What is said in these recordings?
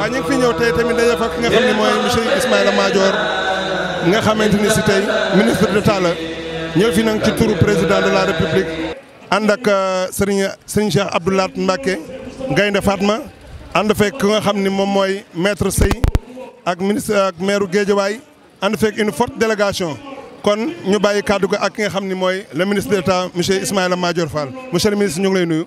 waa ñu ngi fi ñëw tey tamit dañu fa ki nga xam ne mooy monsieur Ismaïla Madior nga xamante ni si tey ministre d'État la ñëw fi nag ci turu président de la république ànd ak euh, seriñ sëriñ Cheikh Abdou Lahad Mbacké Gaynde Fatma ànd fekk ki nga xam ni moom mooy maître Sey ak ministre ak maire Guédiawaye ànd fekk une forte délégation kon ñu bàyyi kàddu ko ak ki nga xam ni mooy le ministre d'État monsieur Ismaïla Madior Fall monsieur le ministre ñu ngi lay nuyu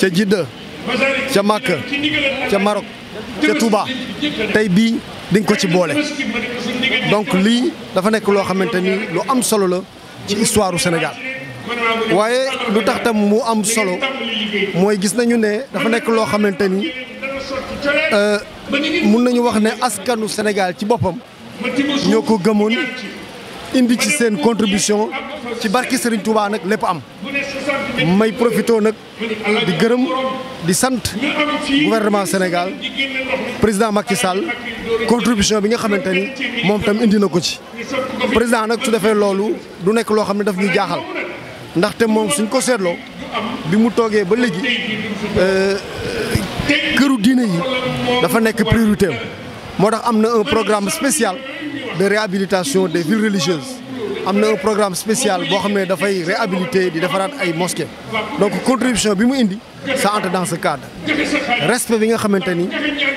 ca Jidda ca Màkka ca Marok ca Touba tey bii dañ ko ci boole donc lii dafa nekk loo xamante ni lu am solo la ci histoire du waaye lu tax tam mu am solo mooy gis nañu ne dafa nekk loo xamante ni euh, mun nañu wax ne askanu Sénégal ci boppam ñoo ko gëmoon indi ci seen contribution ci barki Serigne Touba nag lépp am may profité nag di gërëm di sant gouvernement Sénégal président Macky Sall contribution bi nga xamante ni moom tam indi na ko ci. président nag su defee loolu du nekk loo xam ne dafa ñuy jaaxal ndaxte moom suñ ko seetloo bi mu toogee ba léegi euh, këru diine yi dafa nekk priorité moo tax am na un programme spécial de réhabilitation des villes religieuses. am na un programme spécial boo xam ne dafay réhabiliter di defaraat ay mosquées donc contribution bi mu indi ça entre dans ce cadre respect bi nga xamante ni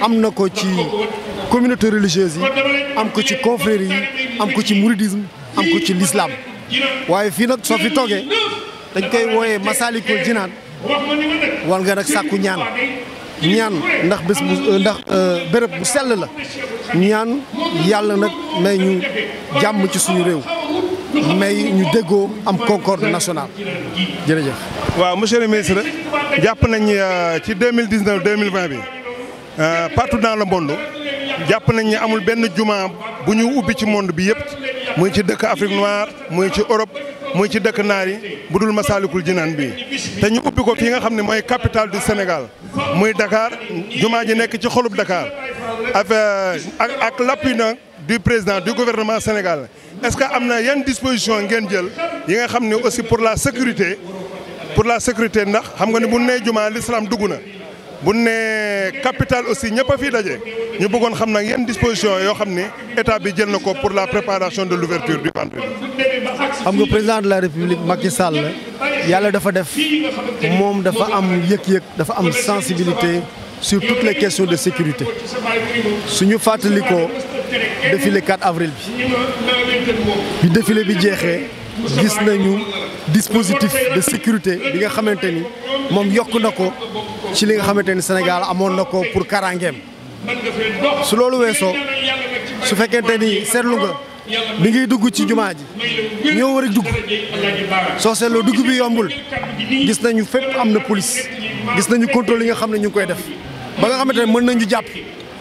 am na ko ci communauté religieuse yi am ko ci confrérie yi am ko ci mouridisme am ko ci lislaam waaye fii nag soo fi toogee dañ koy wooyee Masaalikul Jinaan war nga nag sàkku ñaan ñaan ndax bés bu euh, ndax euh, béréb bu sell la ñaan yàlla nag may ñu jàmm ci suñu réew may ñu déggoo am concorde nationale jërëjëf. waaw monsieur le ministre jàpp nañ euh, ci deux mille dix neuf deux bi euh, partout dans le monde jàpp nañ ne amul benn jumaa bu ñu ubbi ci monde bi yëpp muy ci dëkk Afrique noire muy ci Europe. muy ci dëkk naar yi bu dul Masaalikul Jinaan bi te ñu ubbi ko fii nga xam ne mooy capitale du Sénégal muy dakaar jumaa ji nekk ci xolub Dakar avec ak ak l'appui du président du gouvernement Sénégal. est-ce que y a une disposition ngeen est yi nga xamné aussi pour la sécurité pour la sécurité ndax xam nga ni bu nee jumaa l'islam duguna bu nee capital aussi ñëpp a ñu bëggoon xam disposition yo xamné état bi jël nako pour la préparation de l'ouverture du vendredi xam nga président de la république Macky Sall yàlla dafa def mom dafa am yek yek dafa am sensibilité sur toutes les questions de sécurité suñu fateliko défilé 4 avril bi bi défilé bi jeexee gis nañu dispositif de sécurité bi nga xamante ni moom yokk na ko ci li nga xamante ni Sénégal amoon na ko pour karangeem su loolu weesoo su fekkente ni seetlu nga bi ngay dugg ci jumaa ji ñoo war a dugg soo seetloo dugg bi yombul gis nañu fépp am na police gis nañu contrôle li nga xam ne ñu ngi koy def ba nga xamante ne mën nañu jàpp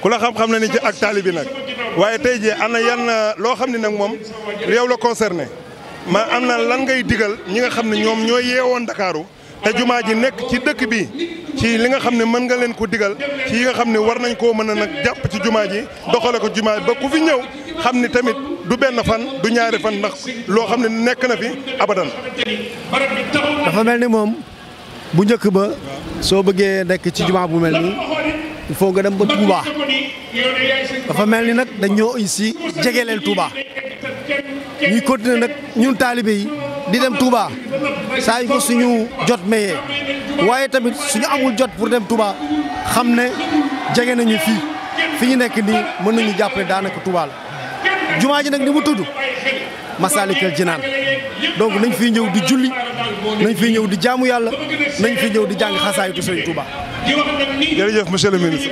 ku la xam-xam na ni ci ak taalibi nag waaye tey jii ana yan uh, loo xam ne nag moom yow la concerné ma am na lan ngay digal ñi nga xam ne ñoom ñoo yeewoon Ndakaaru te jumaa ji nekk ci dëkk bi ci li nga xam ne mën nga leen ko digal ci yi nga xam ne war nañ koo mën a nag jàpp ci jumaa ji doxale ko jumaa ba ku fi ñëw xam ni tamit du benn fan du ñaari fan ndax loo xam ne nekk na fi abadan dafa mel ni moom bu njëkk ba soo bëggee nekk ci jumaa bu mel nii il faut nga dem ba Touba dafa mel ni nag dañoo ici jegeleel Touba ñuy continuer nag ñu taalibe yi di dem Touba saa yu ko suñu jot mayee waaye tamit suñu amul jot pour dem Touba xam ne jege nañu fii fi ñu nekk nii mën nañu jàpp ne daanaka Touba la jumaa ji nag ni mu tudd Masaalikal Jinaan donc nañ fi ñëw di julli nañ fi ñëw di jaamu yàlla nañ fi ñëw di jàng xasaayitu Sëriñ Touba jërëjëf monsieur le ministre.